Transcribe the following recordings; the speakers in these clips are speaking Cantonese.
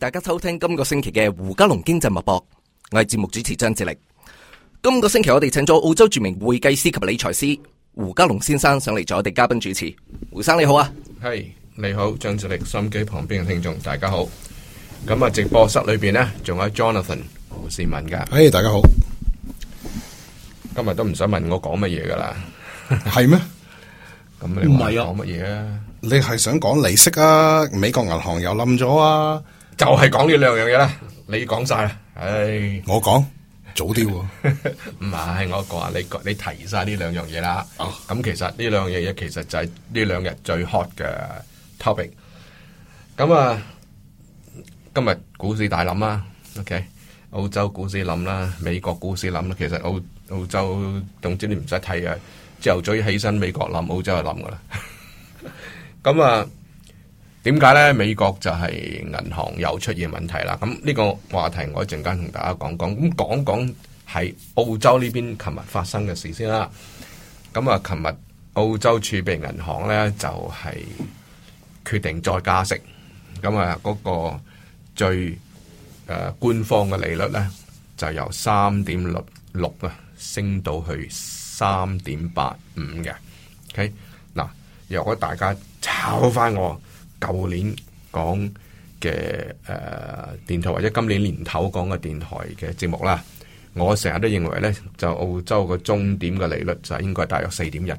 大家收聽今個星期嘅胡嘉龍經濟脈搏，我係節目主持張志力。今個星期我哋請咗澳洲著名會計師及理財師胡嘉龍先生上嚟做我哋嘉賓主持。胡生你好啊。係，你好，張志力，收音機旁邊嘅聽眾大家好。咁啊，直播室裏邊咧仲有 Jonathan 胡思文噶，哎，大家好。今日都唔想問我講乜嘢噶啦，係咩？咁你唔係啊？講乜嘢？你係想講利息啊？美國銀行又冧咗啊？就係講呢兩樣嘢啦，你講晒啦，唉，我講早啲喎，唔係我講啊，你你提晒呢兩樣嘢啦，咁其實呢兩樣嘢其實就係呢兩日最 hot 嘅 topic，咁啊，今日股市大冧啦，OK，澳洲股市冧啦，美國股市冧啦，其實澳澳洲總之你唔使睇啊，朝頭早起身美國冧，澳洲係冧噶啦，咁啊。點解呢？美國就係銀行又出現問題啦。咁呢個話題我一陣間同大家講講。咁講講喺澳洲呢邊琴日發生嘅事先啦。咁啊，琴日澳洲儲備銀行呢，就係決定再加息。咁啊，嗰個最誒官方嘅利率呢，就由三點六六啊升到去三點八五嘅。OK 嗱，如果大家炒翻我。舊年講嘅誒電台或者今年年頭講嘅電台嘅節目啦，我成日都認為咧，就澳洲個終點嘅利率就係應該係大約四點一嘅。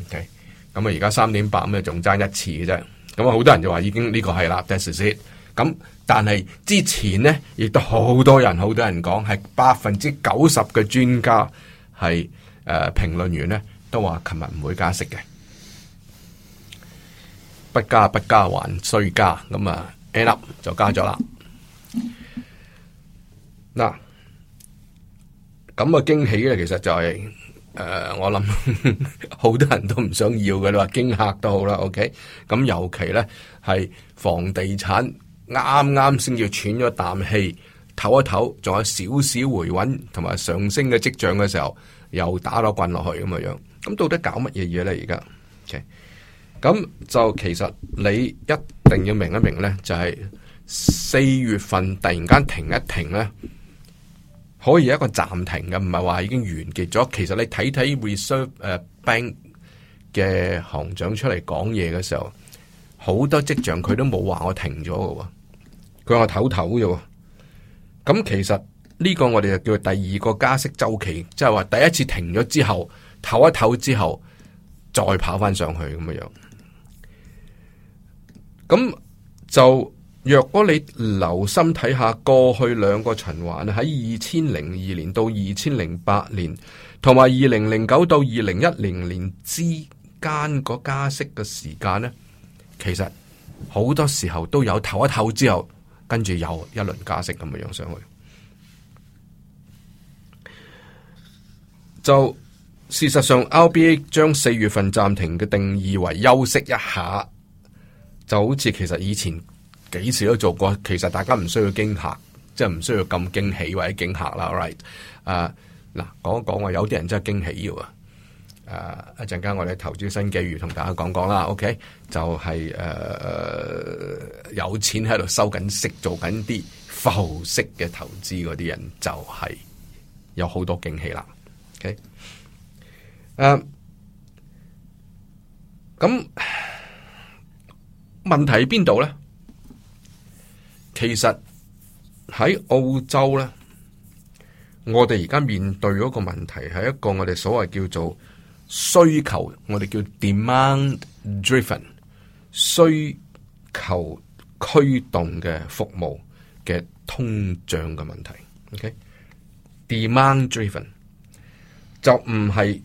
OK，咁啊而家三點八，咁啊仲爭一次嘅啫。咁啊好多人就話已經呢個係啦，That's it。咁，但係之前咧亦都好多人，好多人講係百分之九十嘅專家係誒評論員咧都話琴日唔會加息嘅。不加不加，還需加咁啊，end up 就加咗啦。嗱，咁嘅驚喜咧，其實就係、是、誒、呃，我諗好多人都唔想要嘅，你話，驚嚇都好啦。OK，咁尤其咧係房地產啱啱先至喘咗啖氣，唞一唞，仲有少少回穩同埋上升嘅跡象嘅時候，又打咗棍落去咁嘅樣。咁到底搞乜嘢嘢咧？而家？Okay? 咁就其實你一定要明一明呢，就係四月份突然間停一停呢，可以一個暫停嘅，唔係話已經完結咗。其實你睇睇 Reserve 誒 Bank 嘅行長出嚟講嘢嘅時候，好多跡象佢都冇話我停咗喎，佢話我唞唞喎。咁其實呢個我哋就叫第二個加息周期，即係話第一次停咗之後唞一唞之後再跑翻上去咁樣樣。咁就若果你留心睇下過去兩個循環喺二千零二年到二千零八年，同埋二零零九到二零一零年之間個加息嘅時間咧，其實好多時候都有唞一唞之後，跟住又一輪加息咁嘅樣上去。就事實上，RBA 將四月份暫停嘅定義為休息一下。就好似其實以前幾時都做過，其實大家唔需要驚嚇，即係唔需要咁驚喜或者驚嚇啦。right，誒、uh,，嗱講一講啊，有啲人真係驚喜要啊。誒，一陣間我哋投資新機遇同大家講講啦。OK，就係、是、誒、uh, 有錢喺度收緊息，做緊啲浮息嘅投資嗰啲人，就係、是、有好多驚喜啦。OK，誒、uh,，咁。問題喺邊度咧？其實喺澳洲咧，我哋而家面對嗰個問題係一個我哋所謂叫做需求，我哋叫 demand-driven 需求驅動嘅服務嘅通脹嘅問題。OK，demand-driven，okay? 就唔係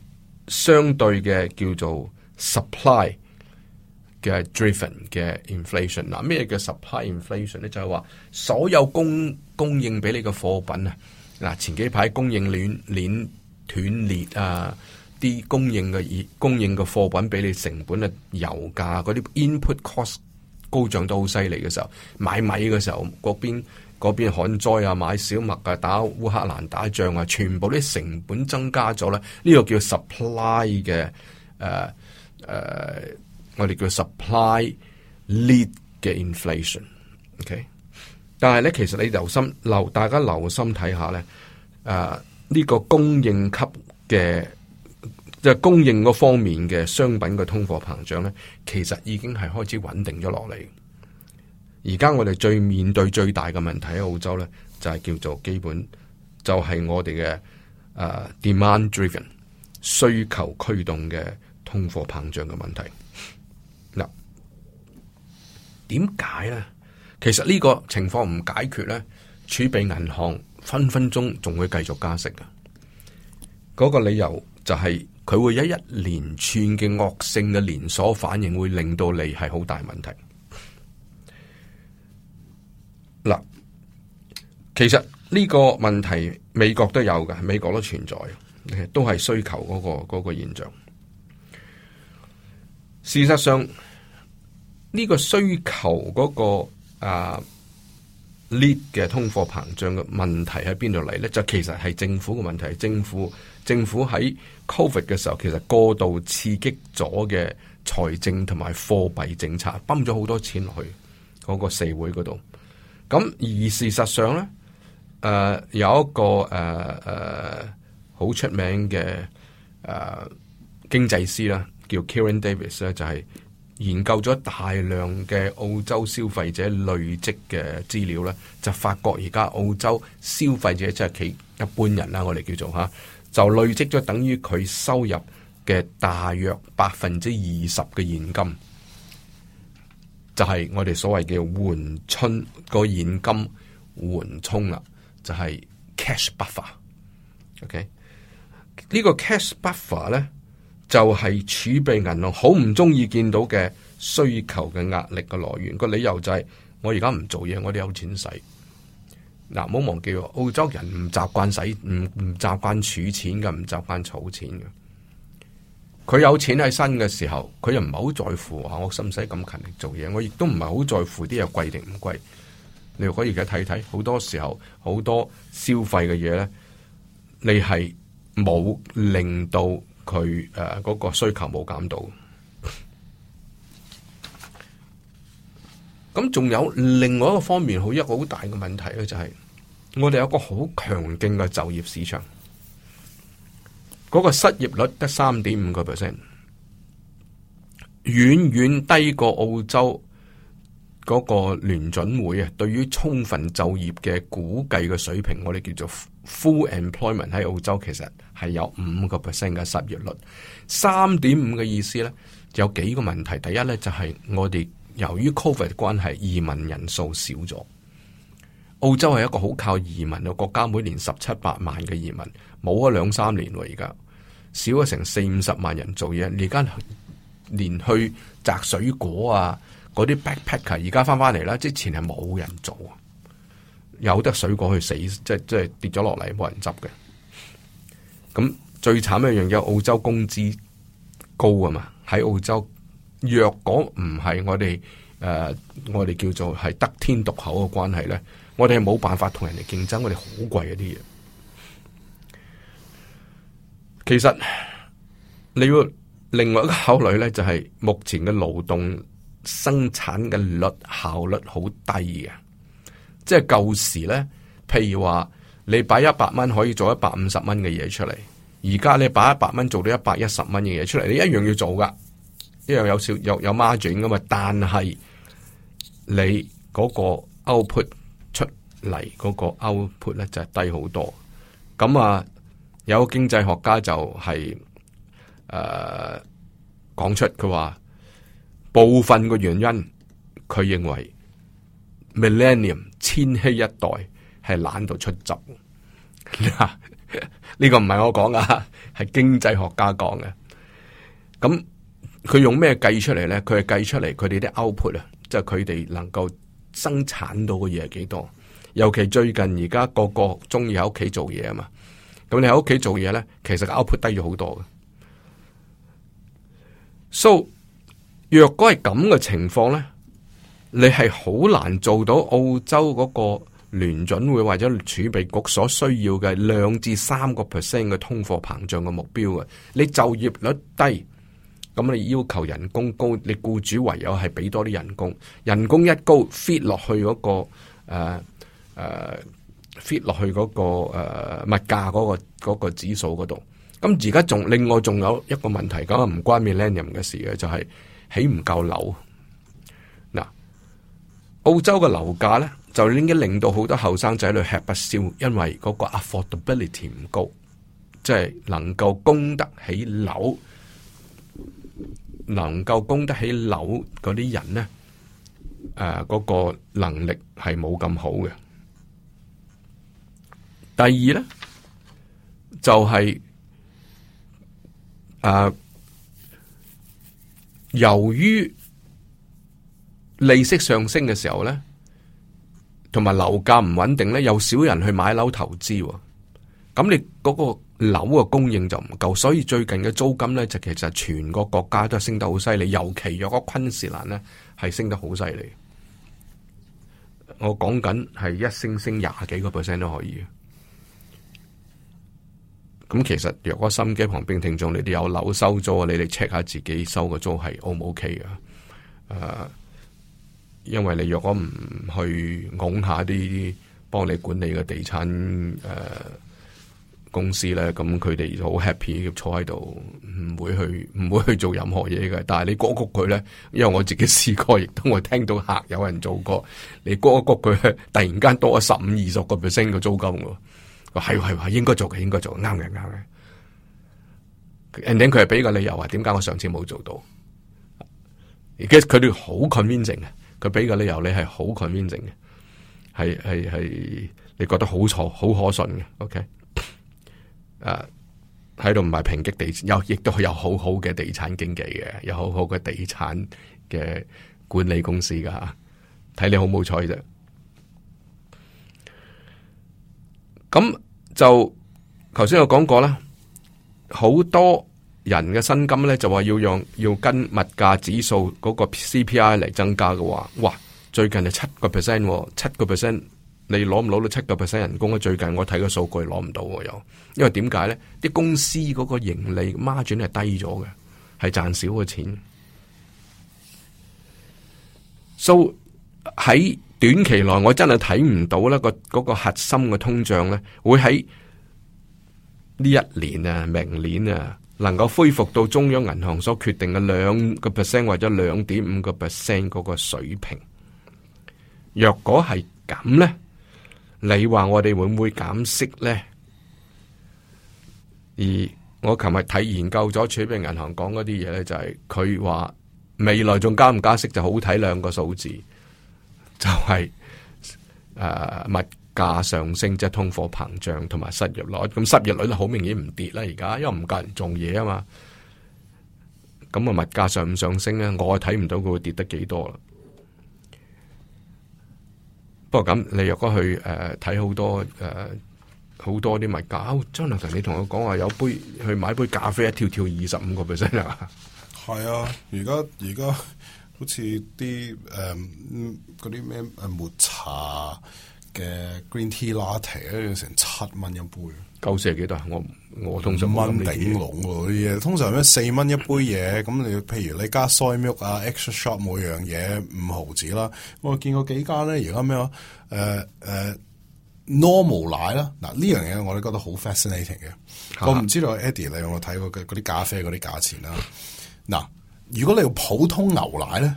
相對嘅叫做 supply。嘅 driven 嘅 inflation 嗱，咩叫 supply inflation 咧？就係話所有供供應俾你嘅貨品啊，嗱前幾排供應鏈鏈斷裂啊，啲供應嘅供應嘅貨品俾你成本啊，油價嗰啲 input cost 高漲都好犀利嘅時候，買米嘅時候，嗰邊嗰邊旱災啊，買小麥啊，打烏克蘭打仗啊，全部啲成本增加咗咧，呢個叫 supply 嘅誒誒。啊啊我哋叫 supply lead 嘅 inflation，OK？但係咧，其實你留心留，大家留心睇下咧，誒，呢個供應級嘅即係供應嗰方面嘅商品嘅通貨膨脹咧，其實已經係開始穩定咗落嚟。而家我哋最面對最大嘅問題喺澳洲咧，就係叫做基本就係我哋嘅誒 demand driven 需求驅動嘅通貨膨脹嘅問題。點解咧？其實呢個情況唔解決呢，儲備銀行分分鐘仲會繼續加息噶。嗰個理由就係佢會一一連串嘅惡性嘅連鎖反應，會令到你係好大問題。嗱，其實呢個問題美國都有噶，美國都存在的，都係需求嗰個嗰個現象。事實上。呢、這個需求嗰、那個啊，lead 嘅通貨膨脹嘅問題喺邊度嚟咧？就其實係政府嘅問題，政府政府喺 Covid 嘅時候，其實過度刺激咗嘅財政同埋貨幣政策，崩咗好多錢落去嗰、那個社會嗰度。咁而事實上咧，誒、呃、有一個誒誒好出名嘅誒、呃、經濟師啦，叫 Kieran Davis 咧，就係、是。研究咗大量嘅澳洲消費者累積嘅資料呢，就發覺而家澳洲消費者即係其一般人啦，我哋叫做吓，就累積咗等於佢收入嘅大約百分之二十嘅現金，就係、是、我哋所謂嘅緩春個現金緩衝啦，就係、是、cash buffer。OK，呢個 cash buffer 呢。就係、是、儲備銀行好唔中意見到嘅，需求嘅壓力嘅來源，個理由就係我而家唔做嘢我哋有錢使嗱，唔好忘記澳洲人唔習慣使唔唔習慣儲錢嘅，唔習慣儲錢嘅，佢有錢喺身嘅時候佢又唔係好在乎我使唔使咁勤力做嘢，我亦都唔係好在乎啲嘢貴定唔貴，你又可以而家睇睇好多時候好多消費嘅嘢咧你係冇令到。佢，誒，嗰個需求冇減到，咁仲有另外一個方面，好一個好大嘅問題咧，就係我哋有一個好強勁嘅就業市場，嗰個失業率得三點五個 percent，遠遠低過澳洲。嗰、那個聯準會啊，對於充分就業嘅估計嘅水平，我哋叫做 full employment 喺澳洲其實係有五個 percent 嘅失業率，三點五嘅意思呢，有幾個問題。第一呢就係、是、我哋由於 covid 關係移民人數少咗，澳洲係一個好靠移民嘅國家，每年十七八萬嘅移民冇咗兩三年嚟，而家少咗成四五十萬人做嘢，而家連去摘水果啊！嗰啲 backpacker 而家翻翻嚟啦，之前係冇人做，有得水果去死，即係即係跌咗落嚟冇人執嘅。咁最慘一樣嘢，澳洲工資高啊嘛，喺澳洲若果唔係我哋誒、呃，我哋叫做係得天獨厚嘅關係咧，我哋係冇辦法同人哋競爭，我哋好貴一啲嘢。其實你要另外一個考慮咧，就係、是、目前嘅勞動。生產嘅率效率好低嘅，即係舊時咧，譬如話你擺一百蚊可以做一百五十蚊嘅嘢出嚟，而家你擺一百蚊做到一百一十蚊嘅嘢出嚟，你一樣要做噶，一樣有少有有 margin 噶嘛，但係你嗰個 output 出嚟嗰個 output 咧就係低好多，咁啊有個經濟學家就係誒講出佢話。部分嘅原因，佢認為 Millennium 千禧一代係懶到出走，吓 呢個唔係我講噶，係經濟學家講嘅。咁佢用咩計出嚟咧？佢係計出嚟佢哋啲 output 啊，即係佢哋能夠生產到嘅嘢係幾多？尤其最近而家個個中意喺屋企做嘢啊嘛，咁你喺屋企做嘢咧，其實 output 低咗好多嘅。So 若果係咁嘅情況咧，你係好難做到澳洲嗰個聯準會或者儲備局所需要嘅兩至三個 percent 嘅通貨膨脹嘅目標嘅。你就業率低，咁你要求人工高，你僱主唯有係俾多啲人工。人工一高，fit 落去嗰個誒誒 fit 落去嗰個誒、啊、物價嗰個嗰個指數嗰度。咁而家仲另外仲有一個問題，咁啊唔關 Millennium 嘅事嘅，就係、是。起唔夠樓嗱，澳洲嘅樓價咧，就已經令到好多後生仔女吃不消，因為嗰個 affordability 唔高，即係能夠供得起樓，能夠供得起樓嗰啲人咧，誒、呃，嗰、嗰個能力係冇咁好嘅。第二咧，就係、係、誒。呃由於利息上升嘅時候咧，同埋樓價唔穩定咧，又有少人去買樓投資，咁你嗰個樓嘅供應就唔夠，所以最近嘅租金咧，就其實全個國家都升得好犀利，尤其若果昆士蘭咧係升得好犀利，我講緊係一升升廿幾個 percent 都可以。咁其實若果心機旁邊聽眾，你哋有樓收租，你哋 check 下自己收個租係 O 唔 O K 噶？誒、呃，因為你若果唔去拱下啲幫你管理嘅地產誒、呃、公司咧，咁佢哋好 happy 坐喺度，唔會去唔會去做任何嘢嘅。但係你割谷佢咧，因為我自己試過，亦都我聽到客人有人做過，你割一割佢，突然間多咗十五二十個 percent 嘅租金喎。我係係應該做嘅，應該做啱嘅，啱嘅。and then 佢係俾個理由話點解我上次冇做到，而家佢哋好 convincing 嘅，佢俾個理由你係好 convincing 嘅，係係係，你覺得好錯好可信嘅。OK，誒，喺度唔係平擊地，有亦都有好好嘅地產經紀嘅，有好好嘅地產嘅管理公司噶吓，睇你好唔好彩啫。咁就頭先我講過啦，好多人嘅薪金咧就話要用要跟物價指數嗰個 CPI 嚟增加嘅話，哇！最近係七個 percent，七個 percent，你攞唔攞到七個 percent 人工啊？最近我睇個數據攞唔到又，因為點解咧？啲公司嗰個盈利孖轉係低咗嘅，係賺少個錢。So 喺。短期內我真係睇唔到呢個個核心嘅通脹呢，會喺呢一年啊、明年啊，能夠恢復到中央銀行所決定嘅兩個 percent 或者兩點五個 percent 嗰個水平。若果係噉呢，你話我哋會唔會減息呢？而我琴日睇研究咗儲備銀行講嗰啲嘢呢，就係佢話未來仲加唔加息就好睇兩個數字。.就係、是、誒、呃、物價上升，即係通貨膨脹，同埋失業率。咁失業率咧，好明顯唔跌啦，而家因為唔夠人做嘢啊嘛。咁啊物價上唔上升咧，我睇唔到佢會跌得幾多啦。不過咁，你若果去誒睇好多誒好、呃、多啲物價，張立群，Jonathan，你同我講話有杯去買杯咖啡，一跳跳二十五個 percent 啊？係啊，而家而家。好似啲嗰啲咩誒抹茶嘅 green tea latte 咧，成七蚊一杯。Cost 係幾多？我我通常蚊頂籠嗰啲嘢，通常咩四蚊一杯嘢。咁你譬如你加 Soy milk 啊，extra shot 每樣嘢五毫子啦。我見過幾間咧，而家咩啊？normal 奶啦。嗱，呢樣嘢我都覺得好 fascinating 嘅。我唔知道、啊、Eddie 你有冇睇過嗰啲咖啡嗰啲價錢啦。嗱。如果你用普通牛奶咧，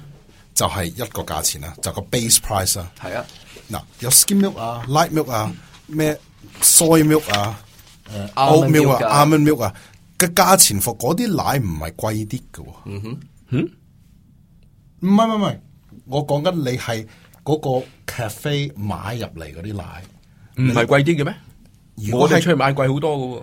就係、是、一個價錢啦，就是、個 base price 啦。係啊，嗱、啊，有 skim milk 啊，light milk 啊，咩、嗯、soy milk 啊，almond milk 啊，almond milk 啊，嘅價、啊啊、錢服嗰啲奶唔係貴啲嘅。嗯哼，嗯，唔係唔係，我講緊你係嗰 cafe 買入嚟嗰啲奶，唔係貴啲嘅咩？我哋出去買貴好多喎。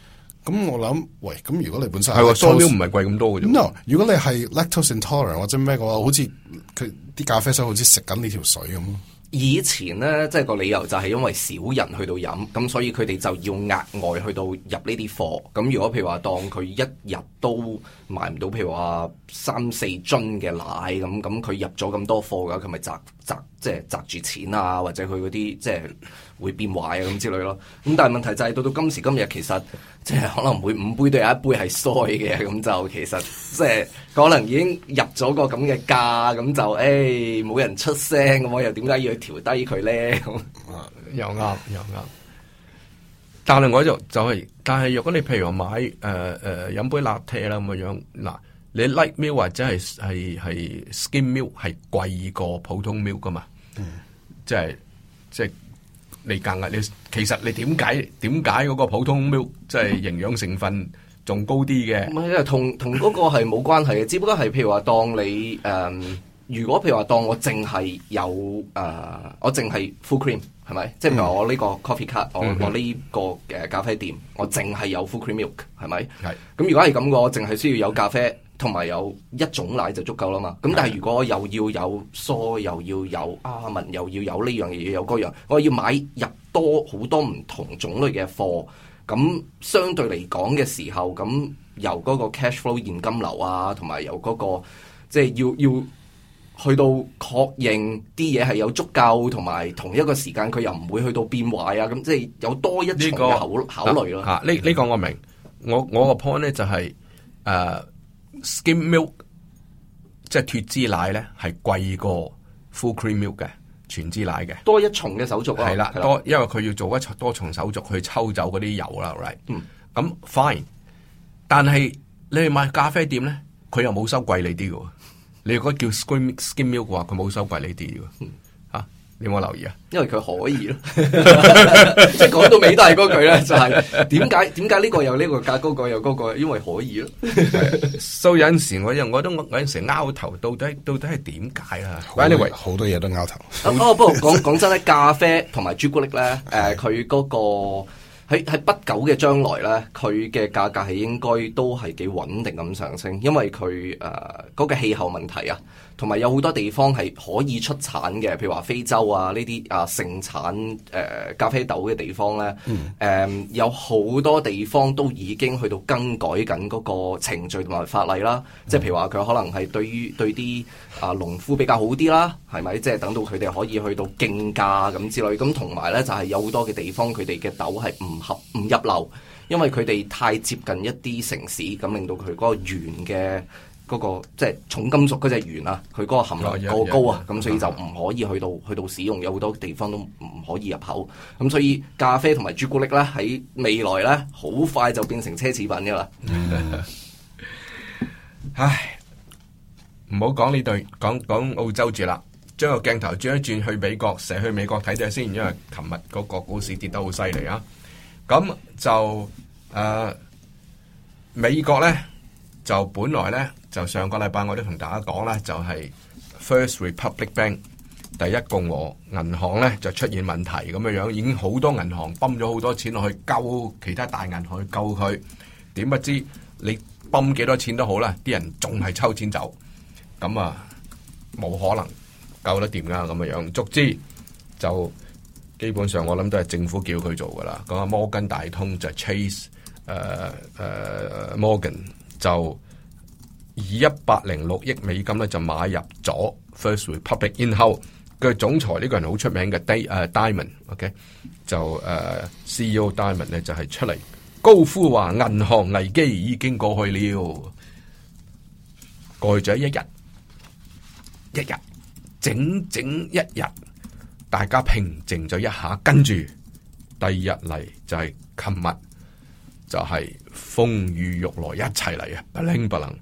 咁、嗯、我諗，喂，咁如果你本身係，塑料唔係貴咁多嘅啫。咁、no, 如果你係 lactose intolerant 或者咩嘅話，好似佢啲咖啡商好似食緊呢條水咁。以前咧，即、就、係、是、個理由就係因為少人去到飲，咁所以佢哋就要額外去到入呢啲貨。咁如果譬如話當佢一日都賣唔到，譬如話三四樽嘅奶咁，咁佢入咗咁多貨嘅話，佢咪砸砸即係砸住錢啊？或者佢嗰啲即係。會變壞啊咁之類咯，咁但係問題就係、是、到到今時今日，其實即係可能每五杯都有一杯係衰嘅，咁就其實即係可能已經入咗個咁嘅價，咁就誒冇、哎、人出聲咁，又點解要去調低佢咧？咁又啱又啱。但係我就就是、係，但係如果你譬如話買誒誒、呃呃、飲杯 Latte 啦咁嘅樣，嗱，你 Lite Milk 或者係係 Skim Milk 係貴過普通 Milk 噶、嗯、嘛？即係即係。就是你更啊！你其實你點解點解嗰個普通 milk 即係營養成分仲高啲嘅？唔係，因為同同嗰個係冇關係嘅，只不過係譬如話當你、嗯、如果譬如話當我淨係有、呃、我淨係 full cream 係咪？即係我呢個 coffee c 卡，我我呢個咖啡店，我淨係有 full cream milk 係咪？咁，如果係咁嘅，我淨係需要有咖啡。同埋有，有一種奶就足夠啦嘛，咁但係如果我又要有蔬，又要有阿文，又要有呢樣嘢，要有嗰、那、樣、個，我要買入多好多唔同種類嘅貨，咁相對嚟講嘅時候，咁由嗰個 cash flow 現金流啊，同埋由嗰個即係、就是、要要去到確認啲嘢係有足夠，同埋同一個時間佢又唔會去到變壞啊，咁即係有多一層考、這個、考慮咯。嚇、啊，呢、這、呢個我明，我我個 point 咧就係、是、誒。Uh, Skim milk 即係脫脂奶咧，係貴過 full cream milk 嘅全脂奶嘅，多一重嘅手續啊！係啦，多因為佢要做一多重手續去抽走嗰啲油啦，right？咁、嗯、fine，但係你去買咖啡店咧，佢又冇收貴你啲嘅。你如果叫 skim skim milk 嘅話，佢冇收貴你啲嘅。嗯。有冇留意啊？因為佢可以咯，即係講到尾大嗰句咧，就係點解點解呢個有呢個價，嗰、那個有嗰個？因為可以咯、 so,。所以有陣時我又覺得我有陣時拗頭到，到底到底係點解啊、But、？Anyway，好，好多嘢都拗頭 哦。不過講講真咧，咖啡同埋朱古力咧，誒、 呃，佢嗰、那個喺喺不久嘅將來咧，佢嘅價格係應該都係幾穩定咁上升，因為佢誒嗰個氣候問題啊。同埋有好多地方係可以出產嘅，譬如話非洲啊呢啲啊盛產誒、呃、咖啡豆嘅地方呢，誒、嗯嗯、有好多地方都已經去到更改緊嗰個程序同埋法例啦。即、嗯、係譬如話佢可能係對於對啲啊農夫比較好啲啦，係咪？即、就、係、是、等到佢哋可以去到競價咁之類。咁同埋呢，就係、是、有好多嘅地方，佢哋嘅豆係唔合唔入流，因為佢哋太接近一啲城市，咁令到佢嗰個原嘅。嗰、那個即係重金屬嗰隻鉛啊，佢嗰個含量過高啊，咁、嗯嗯嗯、所以就唔可以去到、嗯、去到使用，有好多地方都唔可以入口。咁所以咖啡同埋朱古力咧，喺未來咧好快就變成奢侈品噶啦。嗯、 唉，唔好講呢對講講澳洲住啦，將個鏡頭轉一轉去美國，寫去美國睇睇先，因為琴日嗰個股市跌得好犀利啊。咁就誒、呃、美國咧。就本來咧，就上個禮拜我都同大家講啦，就係 First Republic Bank 第一共和銀行咧就出現問題咁嘅樣，已經好多銀行泵咗好多錢落去救其他大銀行去救佢，點不知你泵幾多錢都好啦，啲人仲係抽錢走，咁啊冇可能救得掂噶咁嘅樣。總之就基本上我諗都係政府叫佢做噶啦。講下摩根大通就 Chase 誒誒 Morgan。就以一百零六億美金咧就買入咗 First Republic，然後嘅總裁呢個人好出名嘅戴誒 Diamond，OK、okay? 就誒、uh, CEO Diamond 咧就係出嚟高呼話銀行危機已經過去了，過咗一日，一日整整一日，大家平靜咗一下，跟住第二日嚟就係琴日就係、是。風雨欲來一齊嚟啊！不靈不靈，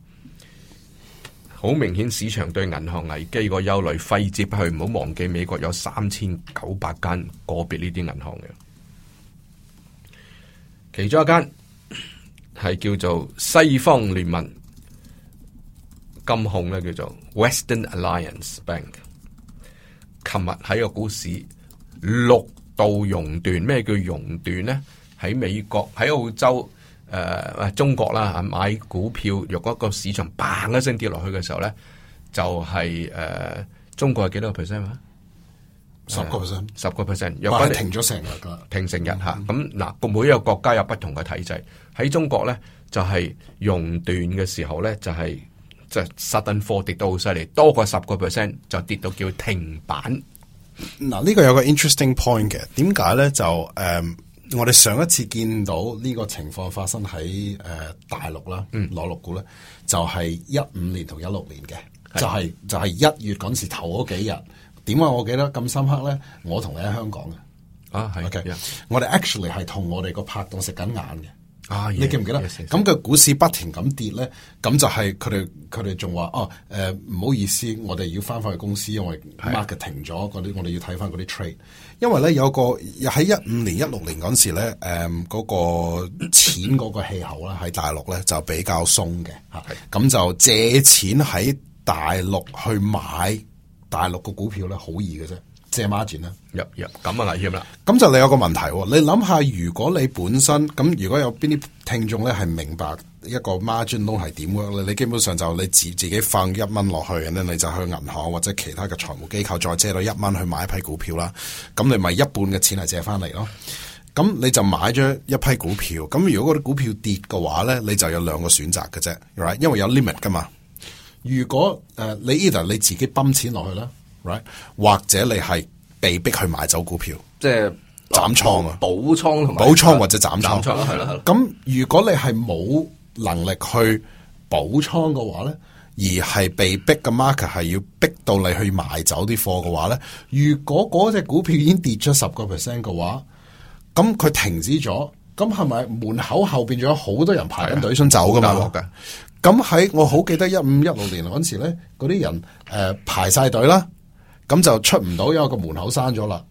好明顯市場對銀行危機個憂慮揮之不去。唔好忘記美國有三千九百間個別呢啲銀行嘅，其中一間係叫做西方聯盟金控呢，叫做 Western Alliance Bank。琴日喺個股市六度熔斷，咩叫熔斷呢？喺美國，喺澳洲。誒、呃，中國啦，買股票若果個市場砰一聲跌落去嘅時候咧，就係、是、誒、呃，中國係幾多個 percent 啊？十、呃、個 percent，十個 percent。若果停咗成日噶，停成日吓。咁、嗯、嗱，個每一個國家有不同嘅體制。喺、嗯、中國咧，就係、是、熔斷嘅時候咧，就係、是、就 sudden fall 跌到好犀利，多過十個 percent 就跌到叫停板。嗱、呃，呢、這個有個 interesting point 嘅，點解咧就誒？嗯我哋上一次見到呢個情況發生喺、呃、大陸啦，攞、嗯、陸股咧就係一五年同一六年嘅，就係、是、就係、是、一、就是、月嗰時頭嗰幾日，點解我記得咁深刻咧？我同你喺香港嘅啊，係，okay? yeah. 我哋 actually 係同我哋個拍檔食緊眼嘅。啊、你記唔記得咁嘅、啊啊啊啊啊啊啊、股市不停咁跌咧？咁就係佢哋佢哋仲話哦，誒，唔好意思，我哋要翻返去公司，因為 market 停咗嗰啲，我哋要睇翻嗰啲 trade。因為咧有個喺一五年一六年嗰時咧，誒、嗯、嗰、嗰個錢嗰個氣候呢，喺大陸咧就比較鬆嘅吓，咁就借錢喺大陸去買大陸嘅股票咧好易嘅啫。借 margin 啦，入入咁啊啦，咁就你有個問題，你諗下，如果你本身咁，如果有邊啲聽眾咧係明白一個 margin loan 係點嘅咧，你基本上就你自自己放一蚊落去，咁咧你就去銀行或者其他嘅財務機構再借到一蚊去買一批股票啦，咁你咪一半嘅錢係借翻嚟咯，咁你就買咗一批股票，咁如果嗰啲股票跌嘅話咧，你就有兩個選擇嘅啫，right? 因為有 limit 噶嘛，如果誒、呃、你 either 你自己泵錢落去啦。Right. 或者你係被逼去買走股票，即係斬倉啊，補倉同埋補倉或者斬倉咯，係啦係啦。咁如果你係冇能力去補倉嘅話咧，而係被逼嘅 market 係要逼到你去買走啲貨嘅話咧，如果嗰隻股票已經跌咗十個 percent 嘅話，咁佢停止咗，咁係咪門口後邊仲有好多人排緊隊想走噶嘛？咁喺我好記得一五一六年嗰陣時咧，嗰啲人誒、呃、排晒隊啦。咁就出唔到，因為個門口閂咗啦。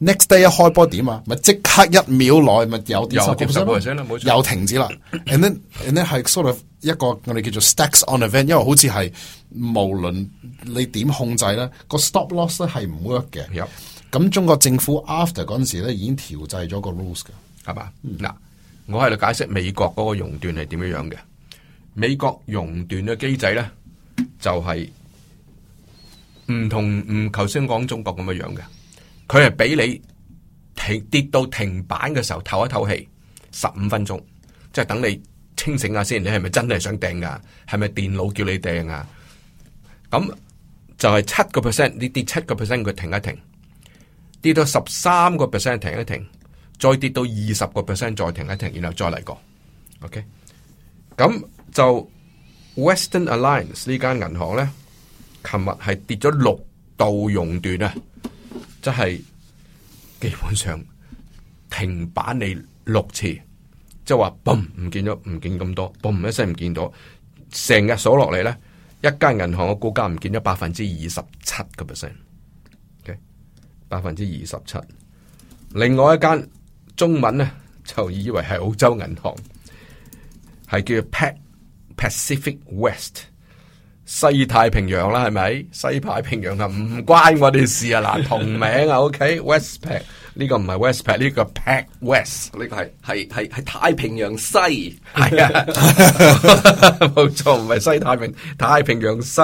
Next day 一開波點啊，咪即刻一秒內咪有有啦，又停止啦。止 and then and then 係 sort of 一個我哋叫做 stacks on event，因為好似係無論你點控制咧，個 stop loss 咧係唔 work 嘅。咁、yep. 中國政府 after 嗰陣時咧已經調制咗個 rules 嘅係嘛？嗱、嗯，我喺度解釋美國嗰個熔斷係點樣樣嘅。美國熔斷嘅機制咧就係、是。唔同唔，頭先講中國咁嘅樣嘅，佢係俾你停跌到停板嘅時候唞一唞氣，十五分鐘，即係等你清醒下先，你係咪真係想掟噶？係咪電腦叫你掟啊？咁就係七個 percent，你跌七個 percent 佢停一停，跌到十三個 percent 停一停，再跌到二十個 percent 再停一停，然後再嚟過。OK，咁就 Western Alliance 呢間銀行咧。琴日係跌咗六度熔斷啊！即係基本上停板你六次，即係話嘣唔見咗唔見咁多，嘣一聲唔見咗。成日數落嚟咧，一間銀行嘅股價唔見咗百分之二十七個 percent，okay，百分之二十七。另外一間中文咧就以為係澳洲銀行，係叫 Pac Pacific West。西太平洋啦，係咪西太平洋啊？唔關我哋事啊！嗱， 同名啊，OK？Westpac、okay? 呢個唔係 Westpac，呢個 pac west 呢個係係係係太平洋西係 是啊，冇 錯，唔係西太平太平洋西，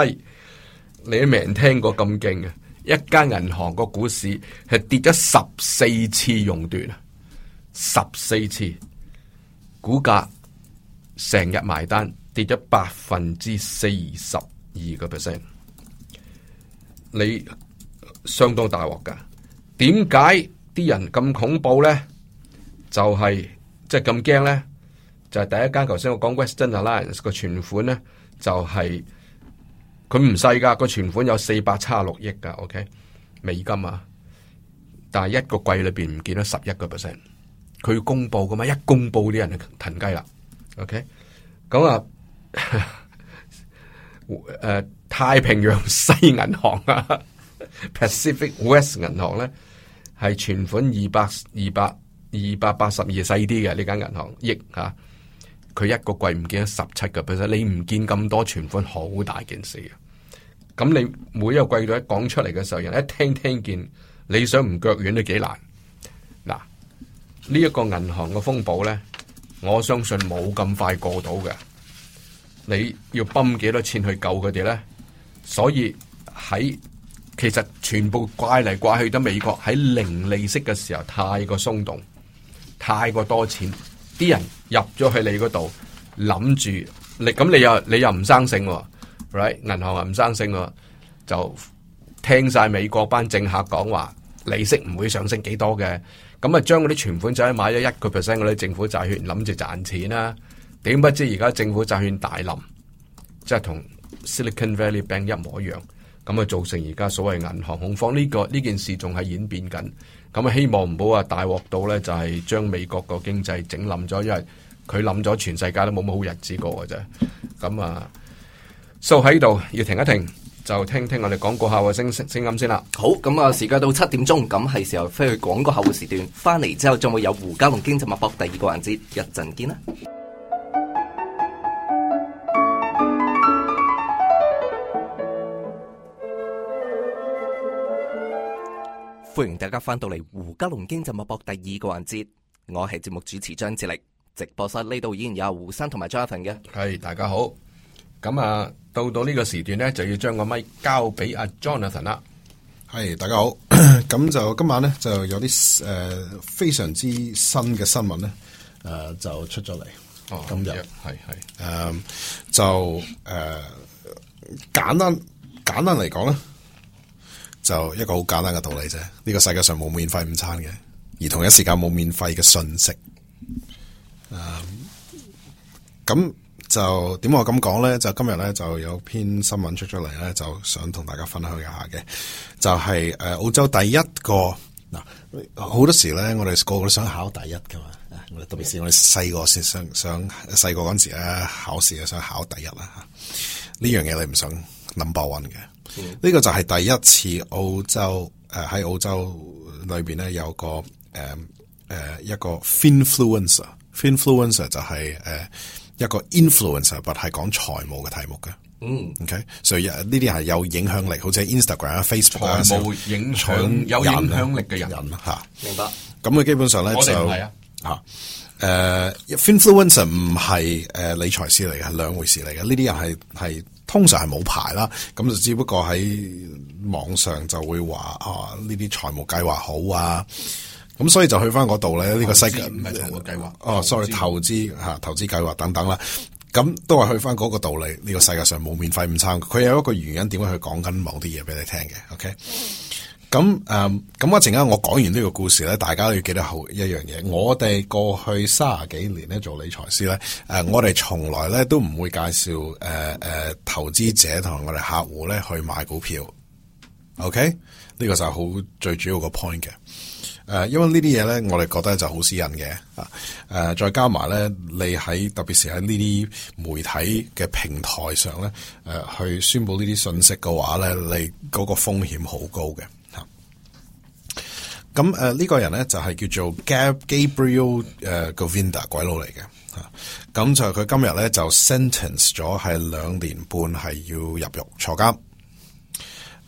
你都未聽過咁勁啊，一家銀行個股市係跌咗十四次熔斷啊，十四次股價成日埋單跌咗百分之四十。二個 percent，你相當大鑊噶。點解啲人咁恐怖咧？就係即係咁驚咧？就係、是就是、第一間，頭先我講 Western Alliance 個存款咧，就係佢唔細噶，個存款有四百七十六億噶，OK 美金啊。但係一個季裏邊唔見咗十一個 percent，佢要公布噶嘛？一公布啲人就騰雞啦。OK，咁啊。 誒、呃，太平洋西銀行啊，Pacific West 銀行咧，係存款二百二百二百八十二細啲嘅呢間銀行，億吓，佢、啊、一個季唔見咗十七個 percent 你唔見咁多存款，好大件事啊！咁你每一個季度一講出嚟嘅時候，人一聽一聽見，你想唔腳軟都幾難。嗱，呢、這、一個銀行嘅風暴咧，我相信冇咁快過到嘅。你要泵幾多錢去救佢哋咧？所以喺其實全部怪嚟怪去都美國喺零利息嘅時候太過鬆動，太過多錢，啲人入咗去你嗰度，諗住你咁你又你又唔生性、啊、，right 銀行又唔生性、啊，就聽晒美國班政客講話，利息唔會上升幾多嘅，咁啊將嗰啲存款就喺買咗一個 percent 嗰啲政府債券，諗住賺錢啦、啊。點不知而家政府債券大冧，即係同 Silicon Valley Bank 一模一樣，咁啊造成而家所謂銀行恐慌呢、這個呢件事仲係演變緊，咁啊希望唔好話大鑊到咧，就係將美國個經濟整冧咗，因為佢冧咗全世界都冇乜好日子過嘅啫。咁啊，So 喺度要停一停，就聽聽我哋廣告客戶嘅聲聲音先啦。好，咁啊時間到七點鐘，咁係時候飛去廣告客戶時段，翻嚟之後仲會有胡嘉龍經濟脈搏第二個環節，一陣見啦。歡迎大家翻到嚟，胡嘉龍經濟脈搏第二個環節，我係節目主持張志力，直播室呢度已經有胡生同埋 Jonathan 嘅，係大家好。咁啊，到到呢個時段咧，就要將個麥交俾阿 Jonathan 啦。係大家好，咁就今晚咧，就有啲誒、呃、非常之新嘅新聞咧，誒、呃、就出咗嚟、哦。今日係係誒就誒、呃、簡單簡單嚟講咧。就一個好簡單嘅道理啫，呢、這個世界上冇免費午餐嘅，而同一時間冇免費嘅信息。咁、嗯、就點我咁講咧？就今日咧就有篇新聞出咗嚟咧，就想同大家分享一下嘅，就係、是、誒、呃、澳洲第一個嗱，好多時咧我哋個個都想考第一噶嘛，我哋特別是我哋細個先想想細個嗰陣時啊，考試啊想考第一啦吓，呢樣嘢你唔想 number one 嘅。呢、嗯，這個就係第一次澳洲誒喺、呃、澳洲裏邊咧有個誒誒一個、呃、個 finfluencer finfluencer 就係、是、誒、呃、一個 influencer，但係講財務嘅題目嘅，嗯，OK，所以呢啲係有影響力，好似 Instagram 啊、Facebook，影響有影響，的人人影響力嘅人吓，明白。咁佢基本上咧、啊、就吓誒、呃、finfluencer 唔係誒理財師嚟嘅，係兩回事嚟嘅，呢啲人係係。通常係冇牌啦，咁就只不過喺網上就會話啊，呢啲財務計劃好啊，咁所以就去翻嗰度咧。呢個世界唔係財務計劃哦，sorry，投資吓，投資計劃等等啦，咁都係去翻嗰個道理。呢個世界上冇免費午餐，佢有一個原因，點解佢講緊某啲嘢俾你聽嘅？OK。咁誒，咁我陣間我講完呢個故事咧，大家都要記得好一樣嘢。我哋過去卅幾年咧做理財師咧，誒，我哋從來咧都唔會介紹誒誒投資者同埋我哋客戶咧去買股票。OK，呢個就係好最主要個 point 嘅。誒，因為呢啲嘢咧，我哋覺得就好私隱嘅。誒，再加埋咧，你喺特別是喺呢啲媒體嘅平台上咧，誒，去宣布呢啲信息嘅話咧，你嗰個風險好高嘅。咁誒，呢、呃這個人咧就係、是、叫做 Gab, Gabriel 誒、呃、Govinda 鬼佬嚟嘅，咁、啊、就佢今日咧就 sentenced 咗係兩年半，係要入獄坐監。誒、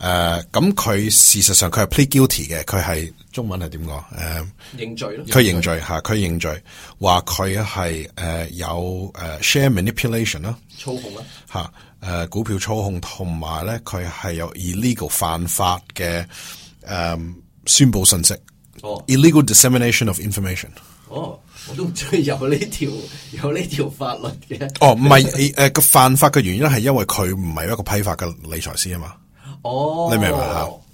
啊，咁佢事實上佢係 plea guilty 嘅，佢係中文係點講？誒、啊，認罪咯，佢認罪吓，佢認罪，話佢係誒有誒 share manipulation 啦，操控啦、啊，吓、啊、誒、啊、股票操控，同埋咧佢係有，有 illegal 犯法嘅誒。啊宣佈信息，哦、oh,，illegal dissemination of information、oh,。哦，我都唔鍾意有呢條有呢條法律嘅。哦、oh,，唔係誒，個犯法嘅原因係因為佢唔係一個批發嘅理財師啊嘛。哦、oh,，你明唔明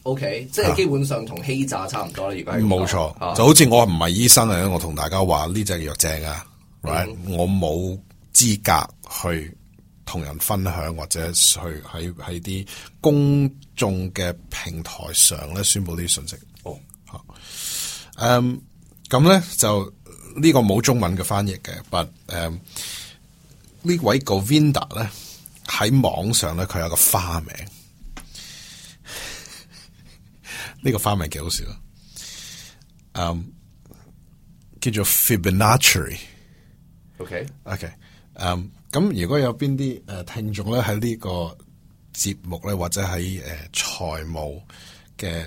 OK，即係基本上同欺詐差唔多啦。而家冇錯，就好似我唔係醫生嚟啊，right? 嗯、我同大家話呢隻藥正啊，我冇資格去同人分享或者去喺喺啲公眾嘅平台上咧宣布呢啲信息。好、oh. um,，嗯，咁咧就呢個冇中文嘅翻譯嘅，but 誒、um, 呢位 Govinda 咧喺網上咧佢有個花名，呢 個花名幾好笑，嗯、um,，叫做 Fibonacci，OK，OK，、okay. okay. 嗯、um,，咁如果有邊啲誒聽眾咧喺呢個節目咧或者喺誒財務嘅。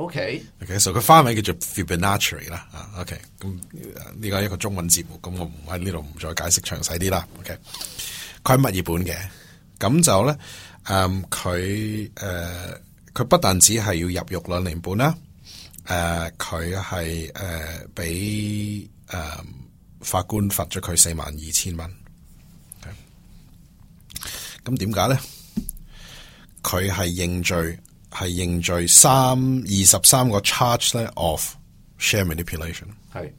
OK，OK，所以佢花名叫做 Fibonacci 啦，OK，咁呢個一個中文節目，咁我唔喺呢度唔再解釋詳細啲啦。OK，佢係乜嘢本嘅？咁就咧，誒佢誒佢不但只係要入獄兩年半啦，誒佢係誒俾誒法官罰咗佢四萬二千蚊。咁點解咧？佢係認罪。係認罪三二十三個 charge 咧 of share manipulation，係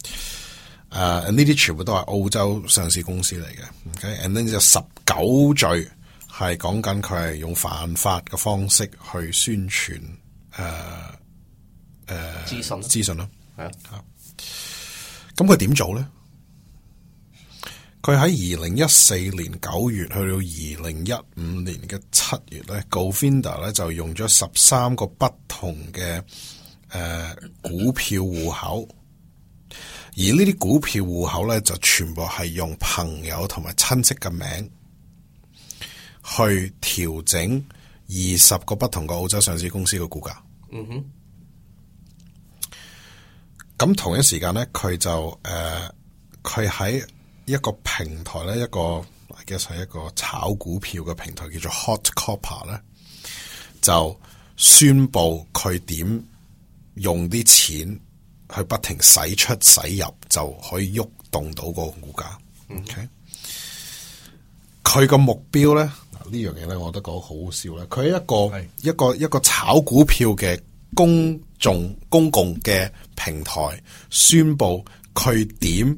誒呢啲全部都係澳洲上市公司嚟嘅，ok，and then 就十九罪係講緊佢係用犯法嘅方式去宣傳誒誒、uh, uh, 資訊資訊咯，係、yeah. 啊、uh，咁佢點做咧？佢喺二零一四年九月去到二零一五年嘅七月咧 Gofinda 咧就用咗十三個不同嘅誒、呃、股票戶口，而呢啲股票戶口咧就全部係用朋友同埋親戚嘅名去調整二十個不同嘅澳洲上市公司嘅股價。嗯哼，咁同一時間咧，佢就誒佢喺。呃他在一個平台咧，一個 I guess 係一個炒股票嘅平台，叫做 Hot Copper 咧，就宣佈佢點用啲錢去不停使出使入，就可以喐動到個股價。OK，佢、嗯、個目標咧，嗱呢樣嘢咧，我覺得講好笑咧。佢係一個一個一個炒股票嘅公眾公共嘅平台，宣佈佢點。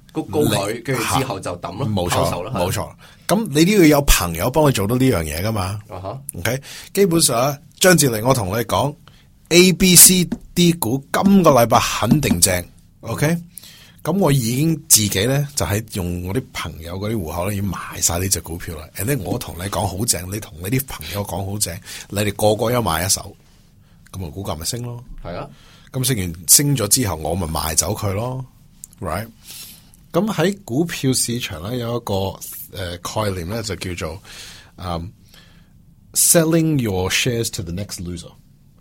高高佢，跟住之後就抌咯，拋售咯，冇錯。咁你都要有朋友幫佢做到呢樣嘢噶嘛？uh-huh. okay? 基本上，張智霖，我同你講，A、B、C、D 股今個禮拜肯定正，OK。咁我已經自己咧就喺用我啲朋友嗰啲戶口咧已經賣晒呢隻股票啦。我同你講好正，你同你啲朋友講好正，你哋個個一買一手，咁啊股價咪升咯。係啊，咁升完升咗之後，我咪賣走佢咯，right？咁喺股票市場咧有一個誒概念咧就叫做，selling your shares to the next loser。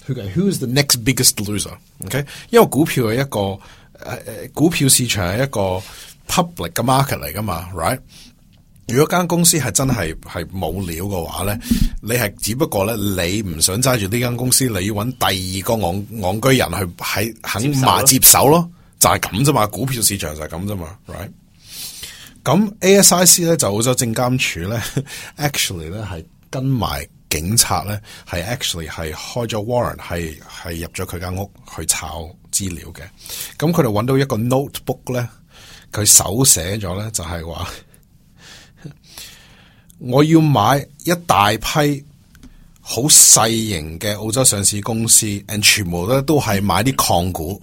Who is the next biggest loser？OK，因為股票係一個誒誒股票市場係一個 public 嘅 market 嚟噶嘛，right？如果間公司係真係係冇料嘅話咧，你係只不過咧，你唔想揸住呢間公司，你要搵第二個戇戇居人去喺肯買接手咯。就係咁啫嘛，股票市場就係咁啫嘛，right？咁 ASIC 咧，就澳洲證監處咧，actually 咧係跟埋警察咧，係 actually 係開咗 warrant，係係入咗佢間屋去抄資料嘅。咁佢哋揾到一個 notebook 咧，佢手寫咗咧就係、是、話，我要買一大批好細型嘅澳洲上市公司，and 全部咧都係買啲礦股。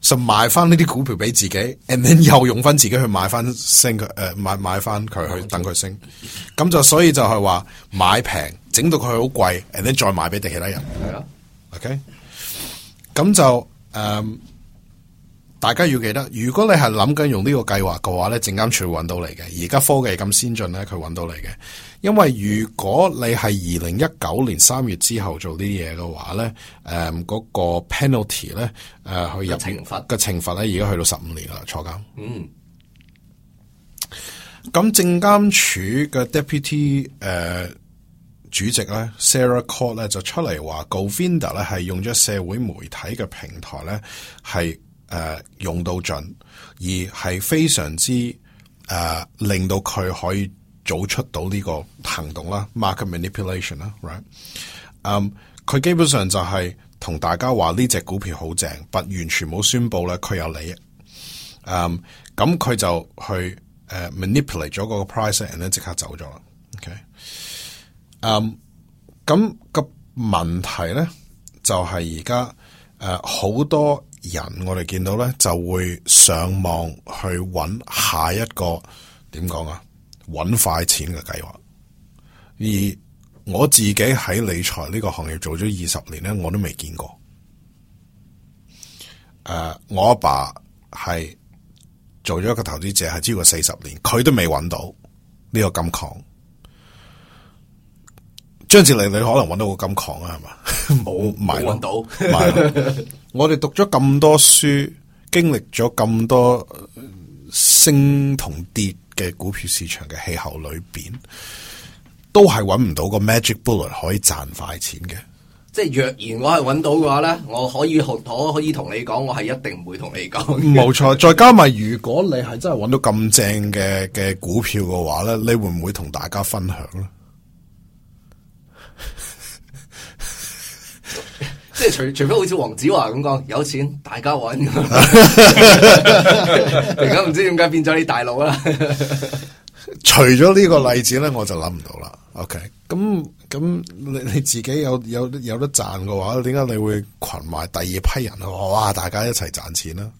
就、so, 買翻呢啲股票俾自己，and then 又用翻自己去買翻升佢，誒買買翻佢去等佢升，咁 就所以就係話買平，整到佢好貴，and then 再賣俾第其他人，係咯 ，OK，咁就誒。Um, 大家要記得，如果你係諗緊用呢個計劃嘅話咧，證監處會搵到你嘅。而家科技咁先進咧，佢搵到你嘅。因為如果你係二零一九年三月之後做啲嘢嘅話咧，誒，嗰個 penalty 咧，誒，去入嘅懲罰咧，而家去到十五年啦，坐監。嗯。咁、那個呃嗯、證監處嘅 deputy 誒、呃、主席咧，Sarah Call 咧就出嚟話，Govinda 咧係用咗社會媒體嘅平台咧係。是誒、啊，用到盡而係非常之誒、啊，令到佢可以早出到呢個行動啦、啊，market manipulation 啦，right？嗯，佢、啊、基本上就係同大家話呢隻股票好正，但完全冇宣布咧佢有利益。嗯、啊，咁、啊、佢就去誒、啊、manipulate 咗個 price，and 咧即刻走咗啦。OK、啊。嗯、啊，咁、啊，那個問題咧就係而家誒好多。人我哋見到咧，就會上網去揾下一個點講啊，揾快錢嘅計劃。而我自己喺理財呢個行業做咗二十年咧，我都未見過。誒、uh,，我阿爸係做咗一個投資者，係超過四十年，佢都未揾到呢個金礦。張志玲，你可能揾到個金礦啊？係嘛，冇，唔 係，揾到。 我哋讀咗咁多書，經歷咗咁多升同跌嘅股票市場嘅氣候裏邊，都係揾唔到個 magic bullet 可以賺快錢嘅。即係若然我係揾到嘅話咧，我可以我可以同你講，我係一定唔會同你講。冇錯，再加埋如果你係真係揾到咁正嘅嘅股票嘅話咧，你會唔會同大家分享咧？即係除除非好似黃子華咁講，有錢大家揾。而家唔知點解變咗你大佬啦？除咗呢個例子咧，我就諗唔到啦。OK，咁咁你你自己有有有得賺嘅話，點解你會群埋第二批人？哇，大家一齊賺錢啦！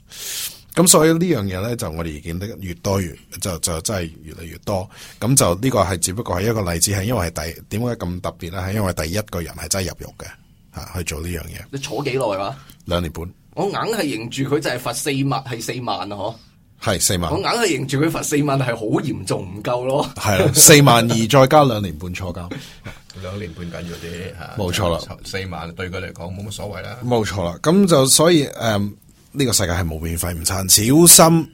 咁所以呢樣嘢咧，就我哋見得越多越就就真係越嚟越多。咁就呢個係只不過係一個例子，係因為係第點解咁特別咧？係因為第一個人係真係入獄嘅。去做呢樣嘢，你坐幾耐啊？兩年半，我硬係認住佢就係罰四萬，係四萬啊！嗬，係四萬，我硬係認住佢罰四萬係好嚴重，唔夠咯。係 啦、嗯，四萬二再加兩年半坐監，兩年半緊要啲，冇錯啦。四萬對佢嚟講冇乜所謂啦，冇錯啦。咁就所以誒，呢、嗯這個世界係冇免費午餐，小心。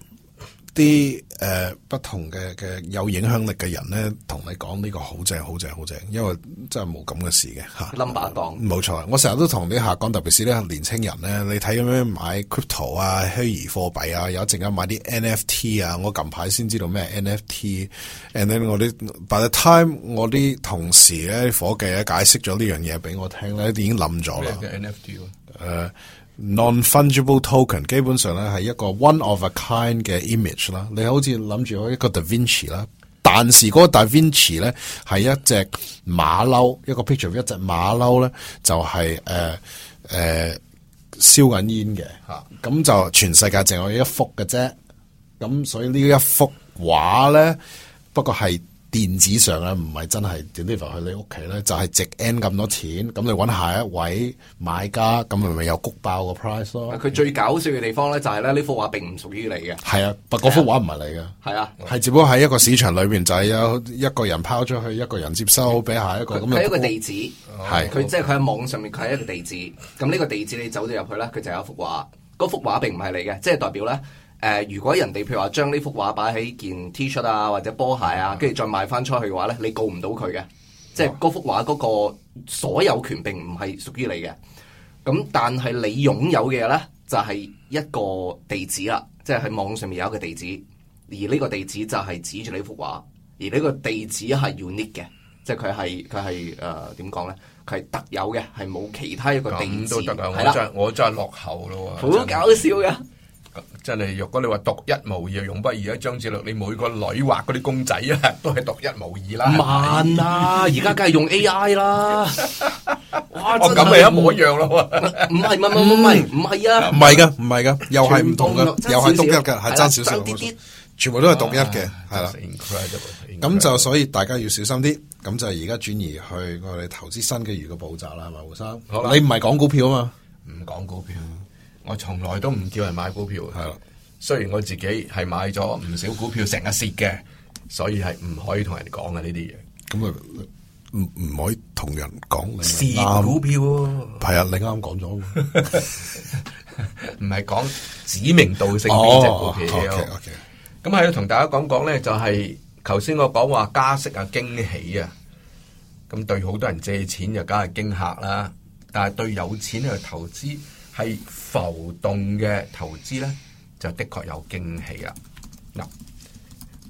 啲誒、呃、不同嘅嘅有影響力嘅人咧，同你講呢個好正，好正，好正，因為真係冇咁嘅事嘅嚇。冧巴黨，冇錯，我成日都同啲客講，特別是啲年青人咧，你睇咁樣買 crypto 啊、虛擬貨幣啊，有一陣間買啲 NFT 啊。我近排先知道咩 NFT，and then 我啲 by the time 我啲同事咧、伙計咧解釋咗呢樣嘢俾我聽咧，已經諗咗啦。Like、NFT、right. 嗯 Non-fungible token 基本上咧係一個 one of a kind 嘅 image 啦，你好似諗住有一個 Da Vinci 啦，但是嗰個 Da Vinci 咧係一隻馬騮，一個 picture，of 一隻馬騮咧就係誒誒燒緊煙嘅吓，咁、呃呃啊、就全世界淨有一幅嘅啫，咁所以呢一幅畫咧不過係。電子上咧，唔係真係 deliver 去你屋企咧，就係、是、值 N 咁多錢，咁你揾下一位買家，咁咪咪又谷爆個 price 咯。佢最搞笑嘅地方咧，就係咧呢幅畫並唔屬於你嘅。係啊，不嗰幅畫唔係你嘅。係啊，係只不過喺一個市場裏面，就係有一個人拋出去，啊、一個人接收，俾下一個咁。佢喺一個地址，係、哦、佢、okay. 即係佢喺網上面，佢係一個地址。咁呢個地址你走咗入去咧，佢就有一幅畫。嗰幅畫並唔係你嘅，即係代表咧。誒、呃，如果人哋譬如話將呢幅畫擺喺件 T 恤啊、或者波鞋啊，跟住再賣翻出去嘅話呢，你告唔到佢嘅，即係嗰幅畫嗰個所有權並唔係屬於你嘅。咁但係你擁有嘅呢，就係、是、一個地址啦，即係喺網上面有一個地址，而呢個地址就係指住呢幅畫，而呢個地址係 unique 嘅，即係佢係佢係誒點講咧？佢係、呃、特有嘅，係冇其他一個地址都得。我再落後咯喎，好搞笑㗎。即係，若果你話獨一無二，用不而家張子樂，你每個女畫嗰啲公仔啊，都係獨一無二啦。慢啊，而家梗係用 A I 啦。咁咪、哦、一模一樣咯？唔係唔唔唔唔係唔係啊？唔係噶，唔係噶，又係唔同噶，又係獨一噶，係爭少少，全部都係獨一嘅，係啦。咁、啊啊嗯嗯嗯、就所以大家要小心啲。咁就而家轉移去我哋投資新嘅一個步驟啦，係嘛，胡生。你唔係講股票啊嘛？唔講股票。我從來都唔叫人買股票嘅，係啦。雖然我自己係買咗唔少股票，成日蝕嘅，所以係唔可以同人講嘅呢啲嘢。咁啊，唔唔可以同人講蝕股票。係啊，你啱講咗，唔係講指名道姓邊隻股票。咁係要同大家講講咧，就係頭先我講話加息啊，驚喜啊，咁對好多人借錢就梗係驚吓啦，但係對有錢去投資。係浮動嘅投資咧，就的確有驚喜啦！嗱，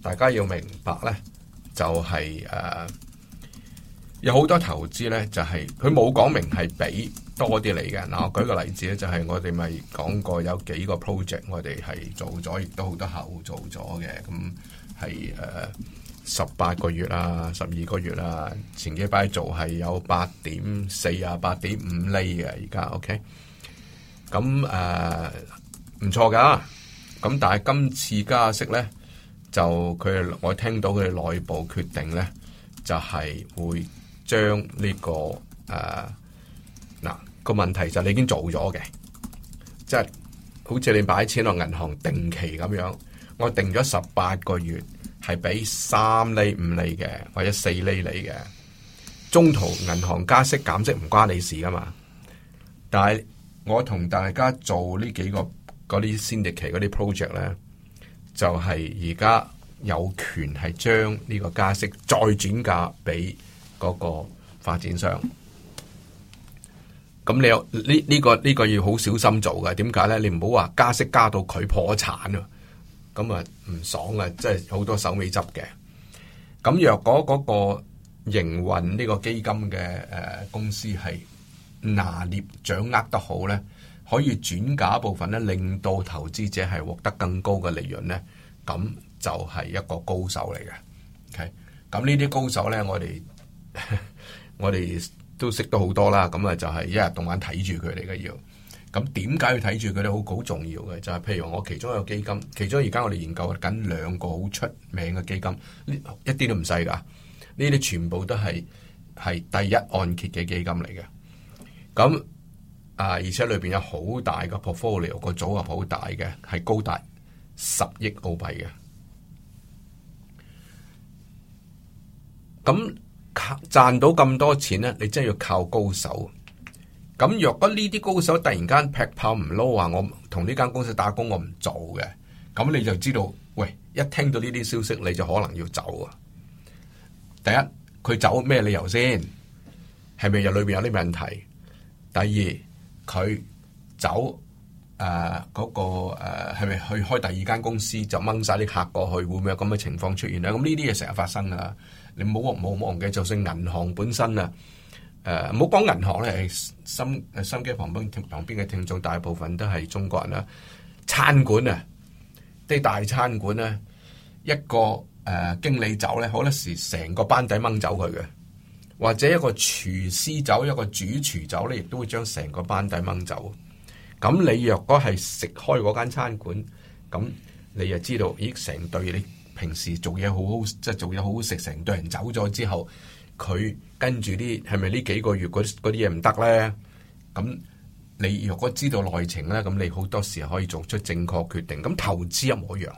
大家要明白咧，就係、是、誒、啊，有好多投資咧，就係佢冇講明係俾多啲你嘅。嗱，我舉個例子咧，就係、是、我哋咪講過有幾個 project，我哋係做咗，亦都好多客戶做咗嘅。咁係誒，十、啊、八個月啦，十二個月啦，前幾排做係有八點四啊，八點五厘啊，而家 OK。咁誒唔錯噶，咁但係今次加息咧，就佢我聽到佢哋內部決定咧，就係會將呢個誒嗱個問題就你已經做咗嘅，即係好似你擺錢落銀行定期咁樣，我定咗十八個月係俾三厘五厘嘅或者四厘厘嘅，中途銀行加息減息唔關你事噶嘛，但係。我同大家做呢幾個嗰啲先力期嗰啲 project 咧，就係而家有權係將呢個加息再轉嫁俾嗰個發展商。咁你有呢呢個呢、呢個要好小心做嘅，點解咧？你唔好話加息加到佢破產啊！咁啊唔爽啊，即係好多手尾執嘅。咁若果嗰個營運呢個基金嘅誒公司係。拿捏掌握得好呢，可以轉嫁一部分呢，令到投資者係獲得更高嘅利潤呢。咁就係一個高手嚟嘅。咁呢啲高手呢，我哋 我哋都識得好多啦。咁啊，就係一日動眼睇住佢嚟嘅要。咁點解要睇住佢咧？好好重要嘅就係，譬如我其中一個基金，其中而家我哋研究緊兩個好出名嘅基金，一啲都唔細㗎。呢啲全部都係係第一按揭嘅基金嚟嘅。咁啊，而且裏邊有好大嘅 portfolio，個組合好大嘅，係高達十億澳幣嘅。咁賺到咁多錢咧，你真係要靠高手。咁若果呢啲高手突然間劈炮唔撈話，我同呢間公司打工我唔做嘅，咁你就知道，喂，一聽到呢啲消息你就可能要走啊。第一，佢走咩理由先？係咪又裏邊有啲問題？第二佢走，誒嗰個誒係咪去開第二間公司就掹晒啲客過去，會唔會有咁嘅情況出現咧？咁呢啲嘢成日發生噶，你冇冇忘記，就算銀行本身啊，誒唔好講銀行咧，心心機旁邊旁邊嘅聽眾大部分都係中國人啦，餐館啊啲大餐館咧，一個誒經理走咧，好多時成個班底掹走佢嘅。或者一個廚師走，一個主廚走咧，亦都會將成個班底掹走。咁你若果係食開嗰間餐館，咁你又知道，咦？成隊你平時做嘢好好，即係做嘢好好食，成隊人走咗之後，佢跟住啲係咪呢幾個月嗰啲嘢唔得呢？咁你若果知道內情呢，咁你好多時可以作出正確決定。咁投資一模一樣。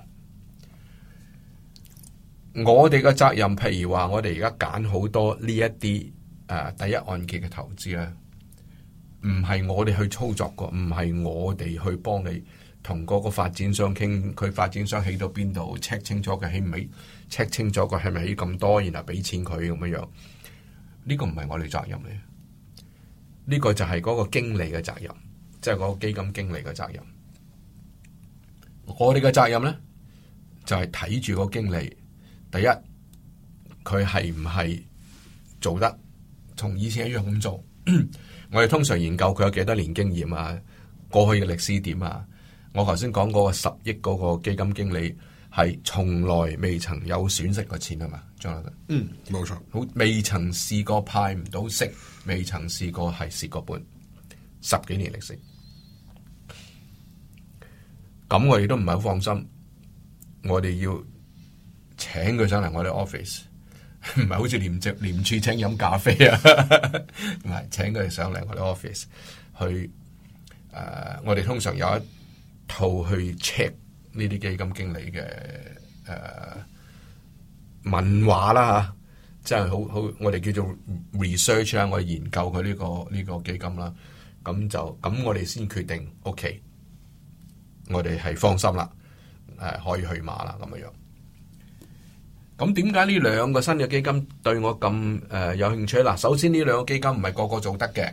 我哋嘅責任，譬如話我哋而家揀好多呢一啲誒，第一按揭嘅投資咧，唔係我哋去操作過，唔係我哋去幫你同嗰個發展商傾，佢發展商起到邊度，check 清楚佢起唔起，check 清楚佢係咪起咁多，然後俾錢佢咁樣樣，呢、這個唔係我哋責任嚟，呢、這個就係嗰個經理嘅責任，即係嗰個基金經理嘅責任。我哋嘅責任咧，就係睇住個經理。第一，佢係唔係做得同以前一樣咁做？ 我哋通常研究佢有幾多年經驗啊，過去嘅歷史點啊。我頭先講嗰個十億嗰個基金經理係從來未曾有損失過錢啊嘛，張立德。嗯，冇錯，好未曾試過派唔到息，未曾試過係蝕過本，十幾年歷史。咁我亦都唔係好放心，我哋要。請佢上嚟我哋 office，唔係好似廉借廉署請飲咖啡啊，唔 係請佢哋上嚟我哋 office 去誒、呃，我哋通常有一套去 check 呢啲基金經理嘅誒問話啦吓，即係好好我哋叫做 research 啊，我哋研究佢呢、這個呢、這個基金啦，咁就咁我哋先決定，ok，我哋係放心啦，誒、呃、可以去馬啦咁樣。咁點解呢兩個新嘅基金對我咁誒、呃、有興趣？嗱，首先呢兩個基金唔係個個做得嘅，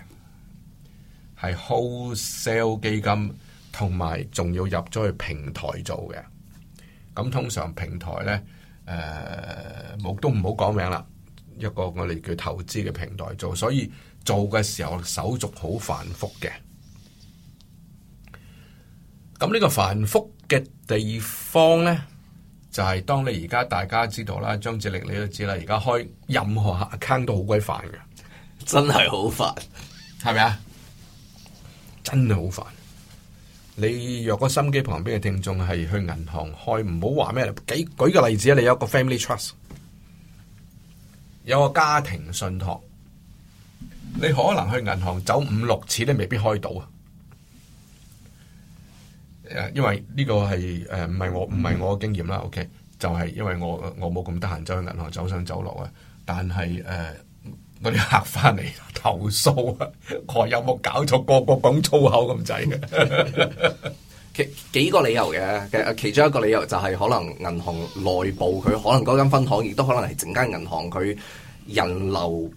係 wholesale 基金，同埋仲要入咗去平台做嘅。咁通常平台呢，誒、呃，冇都唔好講名啦，一個我哋叫投資嘅平台做，所以做嘅時候手續好繁複嘅。咁呢個繁複嘅地方呢，就係、是、當你而家大家知道啦，張志力你都知啦，而家開任何 account 都好鬼煩嘅，真係好煩，係咪啊？真係好煩。你若個心機旁邊嘅聽眾係去銀行開，唔好話咩，舉舉個例子啊，你有個 family trust，有個家庭信託，你可能去銀行走五六次，你未必開到。因為呢個係誒，唔係我唔係我嘅經驗啦，OK，就係因為我我冇咁得閒，走去銀行走上走落啊。但係誒、呃，我啲客翻嚟投訴啊，佢有冇搞錯？個個講粗口咁滯嘅，其幾個理由嘅其、其中一個理由就係可能銀行內部佢可能嗰間分行，亦都可能係整間銀行佢人流，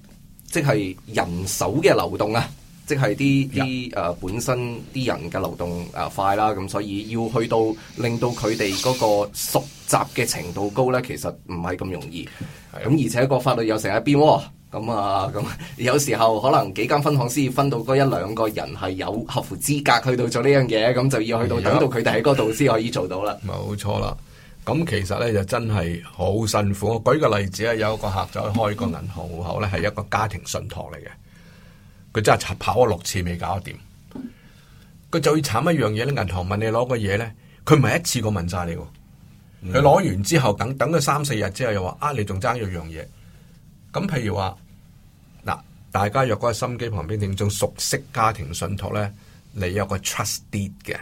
即係人手嘅流動啊。即係啲啲本身啲人嘅流動快啦，咁所以要去到令到佢哋嗰個熟習嘅程度高呢，其實唔係咁容易。咁而且個法律又成日變喎，咁啊咁有時候可能幾間分行先分到嗰一兩個人係有合乎資格去到做呢樣嘢，咁就要去到等到佢哋喺嗰度先可以做到啦。冇錯啦，咁其實呢就真係好辛苦。我舉個例子啊，有一個客仔開個銀行戶口呢，係一個家庭信託嚟嘅。佢真係查跑咗六次未搞掂。佢最慘一樣嘢咧銀行問你攞個嘢咧，佢唔係一次過問晒你，佢攞完之後等等佢三四日之後又話啊，你仲爭一樣嘢，咁譬如話嗱，大家若果喺心機旁邊定仲熟悉家庭信託咧，你有個 trust deed 嘅，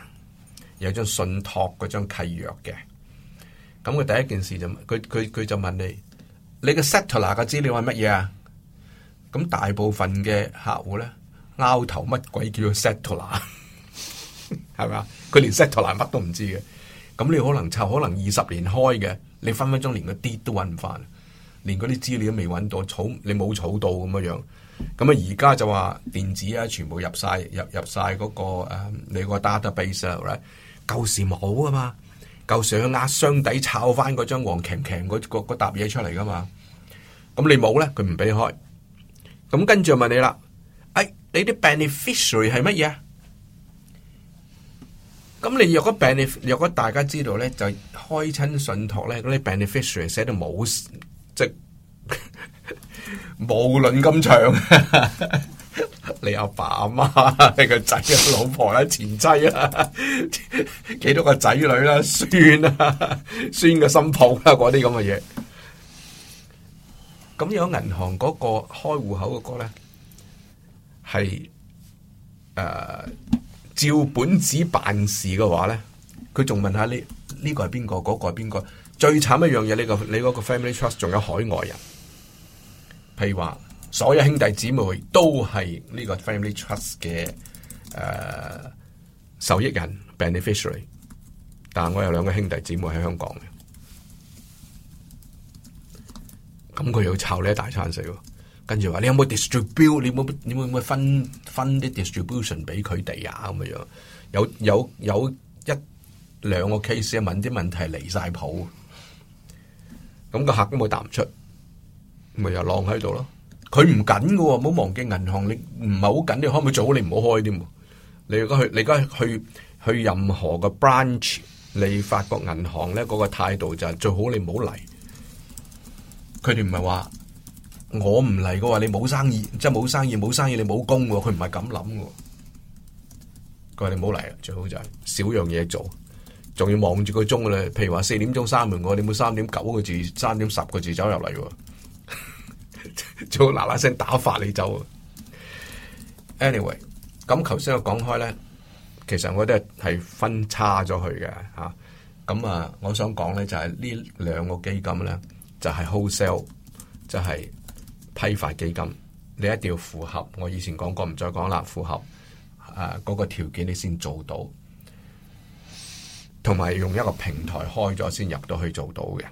有張信託嗰張契約嘅，咁佢第一件事就佢佢佢就問你，你嘅 settlor 嘅資料係乜嘢啊？咁大部分嘅客戶咧，拗頭乜鬼叫做 settle 難， 係咪啊？佢連 settle 難乜都唔知嘅。咁你可能就可能二十年開嘅，你分分鐘連個啲都揾唔翻，連嗰啲資料都未揾到，儲你冇儲到咁樣樣。咁啊，而家就話電子啊，全部入晒入入晒嗰、那個誒、啊，你個 data base 咧，舊時冇噶嘛，舊時壓箱底抄翻嗰張黃鉗鉗嗰沓嘢出嚟噶嘛，咁你冇咧，佢唔俾開。咁跟住問你啦，誒、哎，你啲 beneficiary 係乜嘢？咁你若果 benef 若果大家知道咧，就開親信託咧，嗰啲 beneficiary 寫到冇，即係無論咁長，哈哈你阿爸阿媽，媽、你個仔嘅老婆啊、前妻啊，幾多個仔女啦、啊、孫啊、孫嘅新抱啊，嗰啲咁嘅嘢。咁有銀行嗰個開戶口嗰個咧，係誒、呃、照本子辦事嘅話咧，佢仲問下你呢個係邊個，嗰個係邊個？最慘一樣嘢，你個你個 family trust 仲有海外人，譬如話所有兄弟姊妹都係呢個 family trust 嘅誒、呃、受益人 beneficiary，但係我有兩個兄弟姊妹喺香港嘅。咁佢又炒你一大餐食喎。跟住話你有冇 distribute 你冇你冇分分啲 distribution 俾佢哋啊？咁嘅樣，有有有一兩個 case 啊，問啲問題嚟離晒譜，咁、個客都冇答唔出，咪又晾喺度咯？佢唔緊噶，唔好忘記銀行你唔係好緊，你可唔可以做好？你唔好開添。你而家去，你而家去去任何個 branch，你發覺銀行咧嗰個態度就係最好你，你唔好嚟。佢哋唔係話我唔嚟嘅話，你冇生意，即係冇生意，冇生，生意，你冇工嘅。佢唔係咁諗嘅。佢話你唔好嚟，最好就係少樣嘢，做仲要望住個鐘咧。譬如話四點鐘閂門，我你冇三點九個字，三點十個字走入嚟，做嗱嗱聲打發你走。Anyway，咁頭先我講開咧，其實我覺得係分叉咗佢嘅吓。咁啊，啊，我想講咧就係呢兩個基金咧。就係 wholesale，就係批發基金，你一定要符合我以前講過，唔再講啦，符合誒嗰個條件你先做到，同埋用一個平台開咗先入到去做到嘅。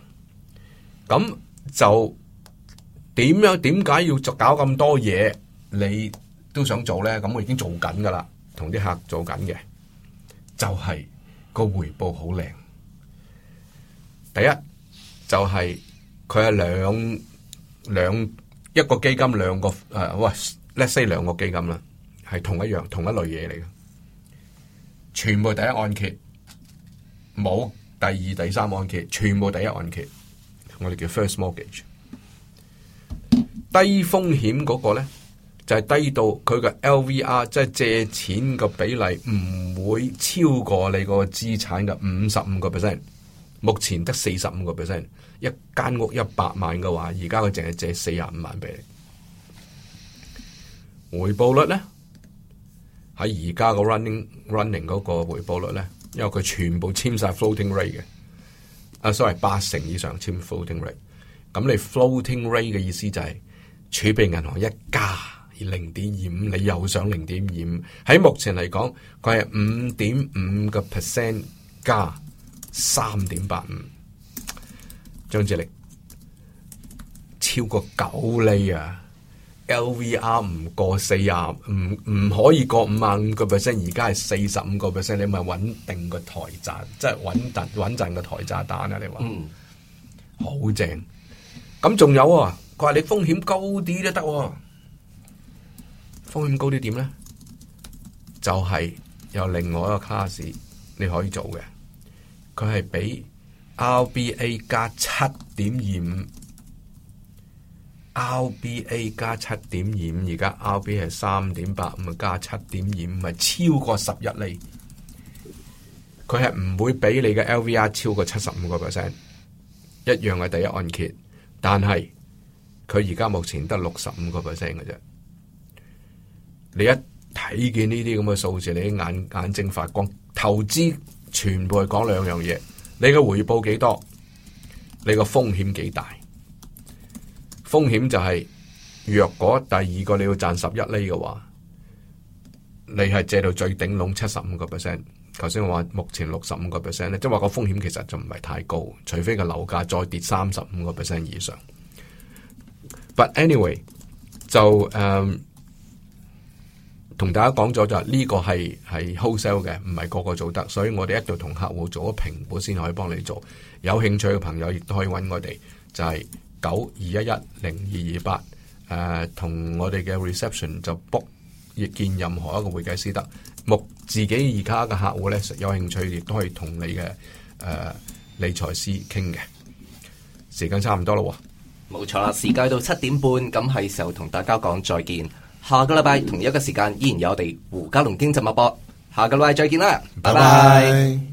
咁就點樣點解要做搞咁多嘢？你都想做呢？咁我已經做緊噶啦，同啲客做緊嘅，就係個回報好靚。第一就係。佢係兩兩一個基金，兩個誒，喂、啊、let's say 兩個基金啦，係同一樣同一類嘢嚟嘅，全部第一按揭，冇第二、第三按揭，全部第一按揭，我哋叫 first mortgage，低風險嗰個咧就係、是、低到佢嘅 LVR，即係借錢個比例唔會超過你個資產嘅五十五個 percent，目前得四十五個 percent。一間屋一百萬嘅話，而家佢淨係借四十五萬俾你，回報率呢，喺而家個 running running 嗰個回報率呢，因為佢全部簽晒 floating rate 嘅，啊、uh, sorry 八成以上簽 floating rate，咁你 floating rate 嘅意思就係、是、儲備銀行一加零點二五，你又上零點二五，喺目前嚟講佢係五點五個 percent 加三點八五。張智力超過九厘啊，LVR 唔過四十，唔唔可以過五萬五個 percent，而家係四十五個 percent，你咪穩定個台炸，即係穩陣穩陣個台炸彈啊！你話，嗯，好正。咁仲有啊？佢話你風險高啲都得，風險高啲點咧？就係、是、有另外一個 class 你可以做嘅，佢係比。RBA 加七點二五，RBA 加七點二五，而家 RBA 係三點八五加七點二五，咪超過十一厘。佢係唔會俾你嘅 LVR 超過七十五個 percent，一樣係第一按揭，但係佢而家目前得六十五個 percent 嘅啫。你一睇見呢啲咁嘅數字，你啲眼眼睛發光，投資全部係講兩樣嘢。你嘅回報幾多？你個風險幾大？風險就係若果第二個你要賺十一厘嘅話，你係借到最頂籠七十五個 percent。頭先我話目前六十五個 percent 咧，即係話個風險其實就唔係太高，除非個樓價再跌三十五個 percent 以上。But anyway，就誒。Um, 同大家講咗就係呢個係係 wholesale 嘅，唔係個,個個做得，所以我哋一度同客戶做咗評估先可以幫你做。有興趣嘅朋友亦都可以揾我哋，就係九二一一零二二八，誒同我哋嘅 reception 就 book 亦見任何一個會計師得。目自己而家嘅客戶呢，有興趣亦都可以同你嘅誒、呃、理財師傾嘅。時間差唔多啦喎，冇錯啦，時間到七點半，咁係時候同大家講再見。下個禮拜同一個時間依然有我哋胡嘉龍經濟脈搏，下個禮拜再見啦，拜拜。Bye bye